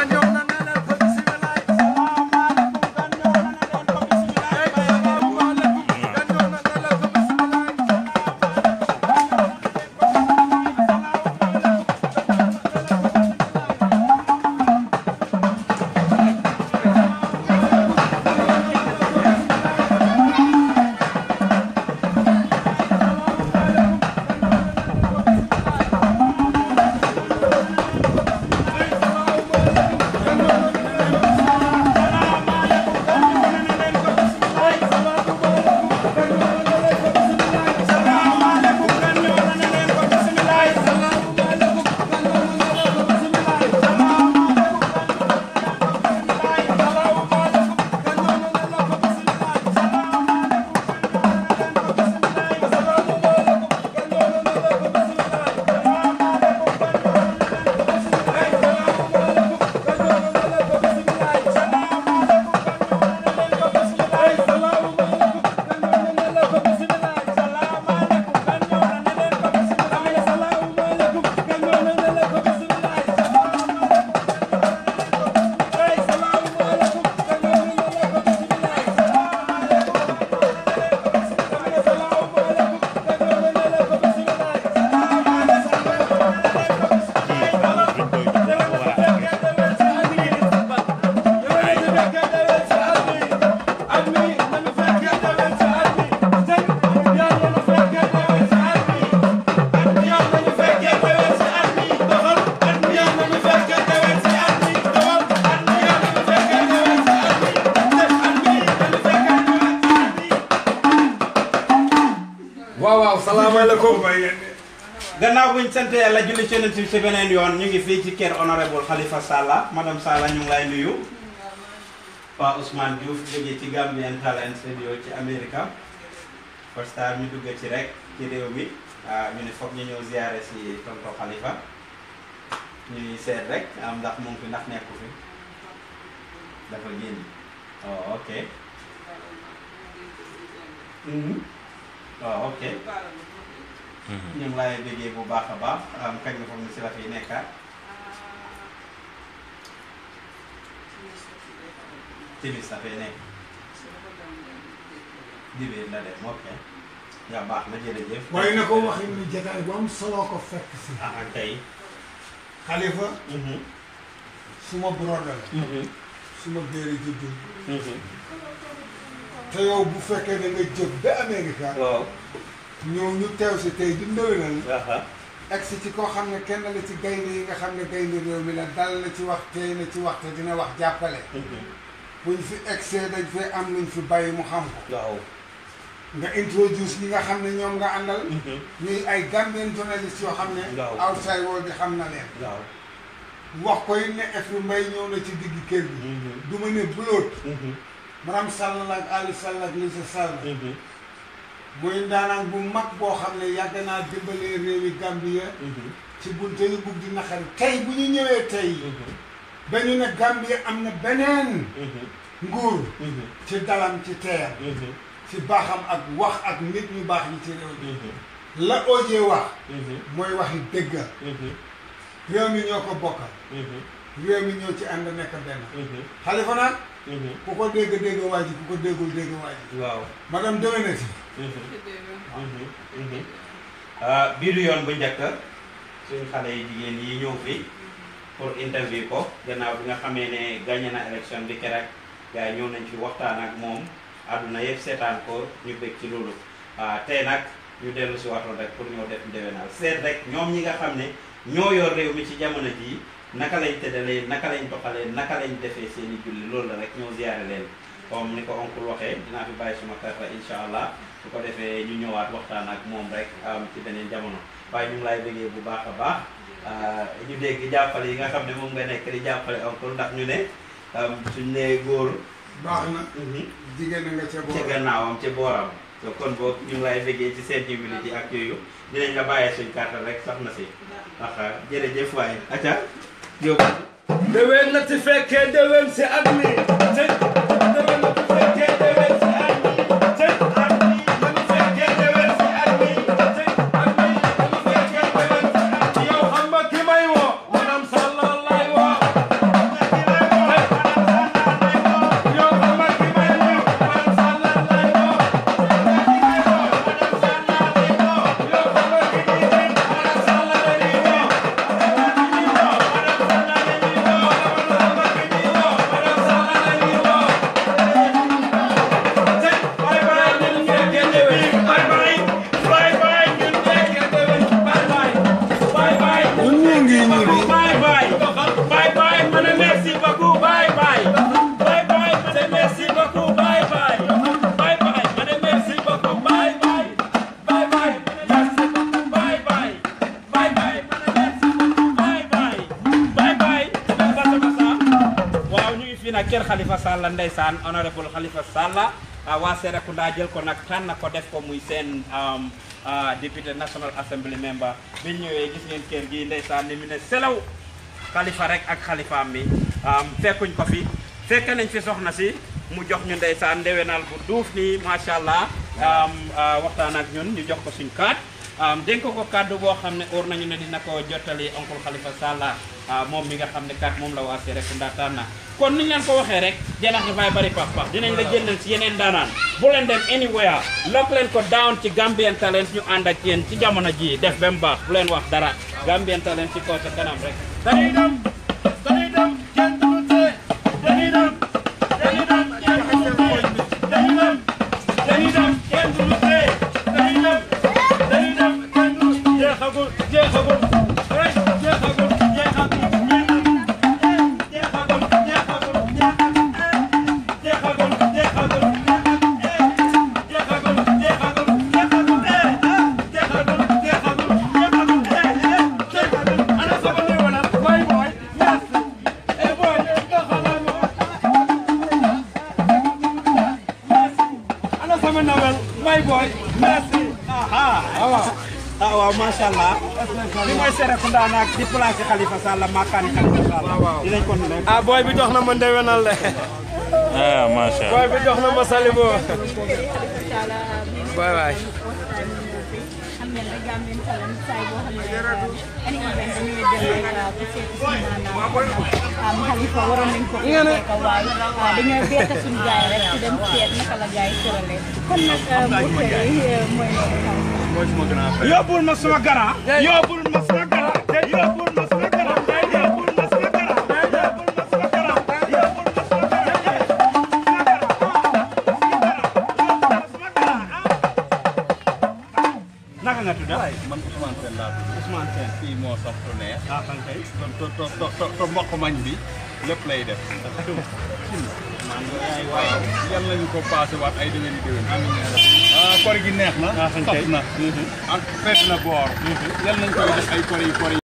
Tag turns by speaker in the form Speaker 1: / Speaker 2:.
Speaker 1: ¡Año! salaamaaleykum
Speaker 2: gannaaw buñ sant yàlla julli ci yonent ci beneen yoon ñu ngi fii ci kër honorable Halifa Sallah madame Sallah ñu ngi lay nuyu waa Ousmane Diouf jógee ci Gambian Talent Radio ci America first time ñu dugg ci rek ci réew mi ñu ne foog ñu ñëw ziare si tonton Halifa ñuy seet rek am ndax mu fi ndax nekku fi dafa génn oh ok mhm. waaw ah, ok mhm. ñu ngi lay bu baax a baax am kañ nga foog ne si la fi nekkaat timis dafay nekk dibéer la dem ok yaa baax na jërëjëf waaye na ko
Speaker 1: waxin ni jataay bu am solo ko fekk si ah kay xalifa mhm. suma brother la mhm. suma béere juddu teyo bu fekkee da nga jóg ba Amerika. waaw Ñoo ñu teew si tey di ndëwëral. egsi ci koo xam ne kenn la ci gaynde yi nga xam ne gaynde réew mi la dal na ci wax tey na ci wax dina wax jàppale. buñ fi egsee dañ fee am luñ fi bàyyi mu xam ko. waaw. nga introduce ñi nga xam ne ñoom nga àndal. ñuy ay Gambian journalist yoo xam ne. waaw outside world bi xam na leen. waaw wax ko it ne Effiou Mbaye ñëw na ci digg kër gi. du ma ne bulóot. Maram Sall ak Ali Sall ak sa Sall. Mhm. muy ndaanaan bu mag boo xam ne yàgg naa dimbalee réewi Gambia. Mhm. ci bunte yu bugg di naxari tey bu ñu ñëwee tey. Mhm. ba ñu ne Gambia am na beneen. nguur. ci dalam ci teer. ci baaxam ak wax ak nit ñu baax yi ci réew mi. la OJ wax. mooy waxi dëgga réew mi ñoo ko bokkal. réew mi ñoo ci ànd nekk benn. xalifa Mhm. ku ko dégg dégg waa ji bu ko déggul dégg waa ji. waaw magam demee na si. Mhm. Mhm. Ah, bii
Speaker 2: bu njëkk suñu xale yi jigéen yi ñëw fi pour interview ko gannaaw bi nga xamee ne gagné na élection bi keroog gars yi nañ fi waxtaan ak moom àdduna yëpp seetaan ko ñu bég ci loolu ah, tey nag ñu dellu si waxoon rek pour ñoo def ndewenal seet rek ñoom ñi nga xam ne ñoo yor réew mi ci jamono jii. naka lañ tëddalee naka lañ doxalee naka lañu defee seen i julli loolu la rek ñëw ziare leen comme ni ko oncle waxee dinaa fi bàyyi suma kàr incha allah su ko defee ñu ñëwaat waxtaan ak moom rek ci beneen jamono waaye ñu ngi lay bëggee bu baax a baax ah, ñu dégg jàppale yi nga xam ne moom nga nekk di jàppale oncle ndax ñu ne suñ nee góor. baax na. Mhm. jigéen nga ca booram ca gannaawam ca booram. kon boo ñu ci seen humilité ak yooyu dinañ la rek sax na si. ndax déwén na
Speaker 1: ci fekkee si at mi
Speaker 2: kër Khalifa Sall ndaysan honorable Khalifa wa sere ko dajel ko nak tan ko def ko muy um ah, député national assembly member bi ñewé gis ngeen kër gi ndaysan ni mine selaw Khalifa rek ak mi um fekkuñ ko fi fekk nañ fi soxna ci mu jox ñu ndaysan ndewenal bu duuf nii macha allah ah, waxtaan ak ñun ñu jox ko suñ um denko ko cadeau bo xamne or nañu ne dina ko jotali oncle Khalifa Ah, moom mi nga xam ne kat moom la waa Serekunda tànn na kon ni ñu leen ko waxee rek janax dafay bari pas-pas dinañ la jëndal si yeneen daanaan bu leen dem anywhere lock leen ko down ci Gambian Talents ñu ànd ak yéen ci jamono jii def ba mu baax bu leen wax dara Gambian Talents ci kaw sa kanam rek. macha allah li mooy Serekunda naag di placé Khalifa Sall makkaani Khalifa Sall. waaw waaw dinañ ko nuyu. ah booy bi jox na ma ndewenal de.
Speaker 1: ah macha allah booy bi jox
Speaker 2: na ma Salibo.
Speaker 1: waay waay. am Khalifa waroon nañ ko fekk waaye dañoo bett suñu gaay rek ci dem seet naka la gaay tëralee kon nag bu tëjee mooy loolu
Speaker 2: yóbbul ma sama garant
Speaker 1: yóbbul ma sama garant
Speaker 2: moo sox lu neex. ah man kay to to to to mboq mañ bi lépp
Speaker 1: lay def. yal nañu ko passé waat ay déwén i déwén. ah kor gi neex na. ah man kay na. Mhm. ak feet na boor. Mhm. yal nañu koy def ay kor yi kor yi.